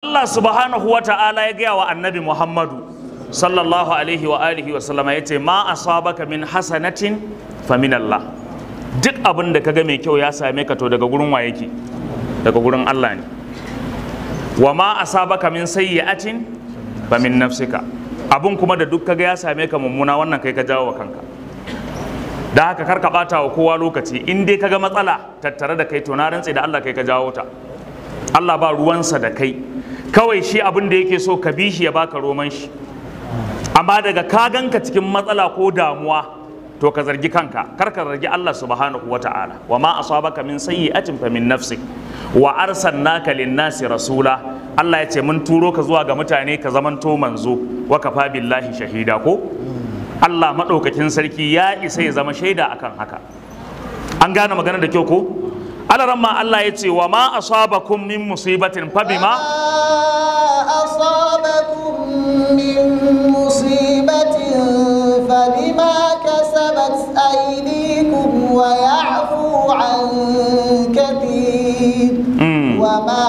Allah subhanahu wa ta'ala ya gaya wa annabi Muhammadu sallallahu alaihi wa alihi wa sallama yace ma asabaka min hasanatin fa min Allah duk abin da kaga mai kyau ya same ka to daga gurin wa yake daga gurin Allah ne wa ma asabaka min sayyi'atin fa min nafsika abin kuma da duk kaga ya same ka mummuna wannan kai ka jawo wa kanka da haka karka bata wa kowa lokaci in dai ga matsala tattare da kai to na rantse da Allah kai ka jawo ta Allah ba ruwansa da kai kawai shi abin da yake so ka bi shi ya baka roman shi amma daga ka ganka cikin matsala ko damuwa to ka zargi kanka kar ka zargi Allah subhanahu wa wa ma asabaka min sayyi'atin fa min nafsik wa arsalnaka lin-nasi rasula Allah ya ce mun turo ka zuwa ga mutane ka zamanto manzo wa kafa billahi shahida ko Allah madaukakin sarki ya isa ya zama shaida akan haka an gane magana da kyau ko alarama Allah ya ce wa ma asabakum min musibatin fa bima asabakum min musibatin fa bima kasabat aydikum wa ya'fu an katir wa ma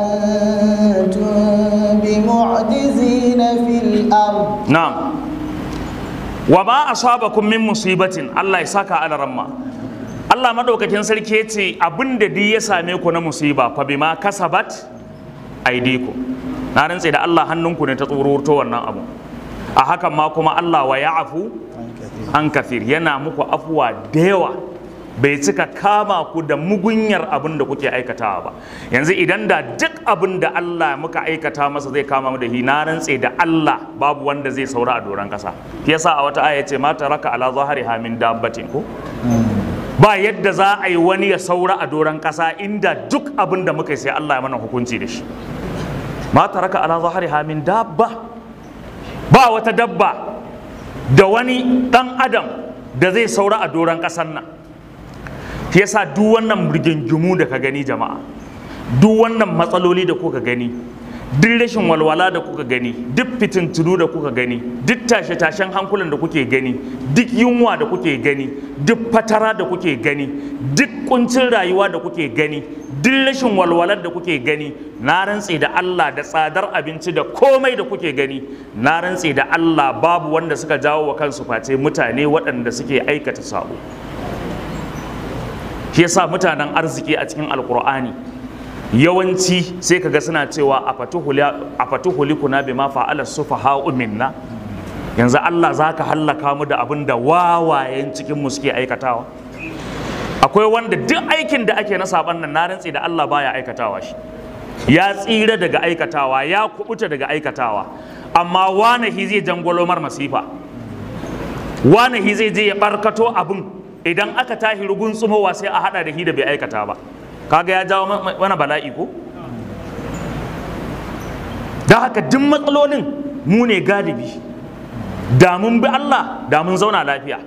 antum bimu'jizina fil ard na'am wa ma asabakum min musibatin Allah ya saka alarama Allah madaukakin sarki ya ce abinda da duk ya same ku na musiba fa bima kasabat aidiku na rantse da Allah hannunku ne ta tsororto wannan abu a hakan ma kuma Allah wa ya'fu an kafir yana muku afuwa da yawa bai cika kama ku da mugunyar abin da kuke aikatawa ba yanzu idan da duk abin da Allah muka aikata masa zai kama mu da hi na da Allah babu wanda zai saura a doron kasa yasa a wata aya ce mata raka ala zahari hamin dabbatin ko ba yadda za a yi wani ya saura a doron ƙasa inda duk abin da muka yi sai Allah ya mana hukunci da shi ma raka ala zahari hamin dabba ba wata dabba da wani ɗan adam da zai saura a doron ƙasar nan yasa duk wannan rigingimu da ka gani jama'a duk wannan matsaloli da kuka gani duk rashin walwala da kuka gani duk fitintunu da kuka gani duk tashe-tashen hankulan da kuke gani duk yunwa da kuke gani duk fatara da kuke gani duk kuncin rayuwa da kuke gani duk rashin walwalar da kuke gani na rantse da Allah da tsadar abinci da komai da kuke gani na rantse da Allah babu wanda suka jawo wa kansu face mutane waɗanda suke aikata sabo shi yasa mutanen arziki a cikin alkur'ani yawanci sai kaga suna cewa a fatuhulikuna bima fa ha'u minna yanzu Allah za ka hallaka mu da abin da wawayen cikin mu suke aikatawa akwai wanda duk aikin da ake na saban nan na rantsi da Allah baya aikatawa shi ya tsira daga aikatawa ya kubuta daga aikatawa amma wanahi zai jangolo mar masifa wanahi zai je ya barkato abin idan aka tahi rugun tsumowa sai a hada da hi da bai aikata ba kaga ya jawo mana bala'i ko da haka duk matsalolin mu ne galibi da mun bi Allah da mun zauna lafiya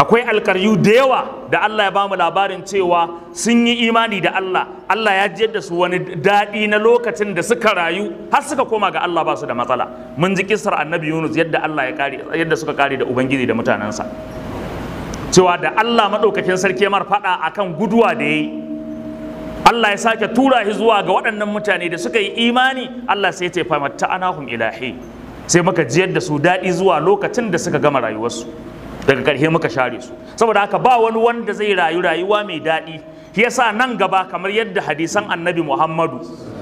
akwai alkaryu da yawa da Allah ya ba mu labarin cewa sun yi imani da Allah Allah ya jiyar da su wani daɗi na lokacin da suka rayu har suka koma ga Allah ba su da matsala mun ji kisar annabi Yunus yadda Allah ya kare yadda suka kare da ubangiji da mutanensa cewa da Allah maɗaukakin sarki mar faɗa a kan guduwa da ya yi Allah ya sake tura shi zuwa ga waɗannan mutane da suka yi imani Allah sai ya ce famatta anahum ilahi sai muka jiyar da su daɗi zuwa lokacin da suka gama rayuwarsu daga ƙarshe muka share su saboda haka ba wani wanda zai rayu rayuwa mai daɗi yasa nan gaba kamar yadda hadisan annabi Muhammadu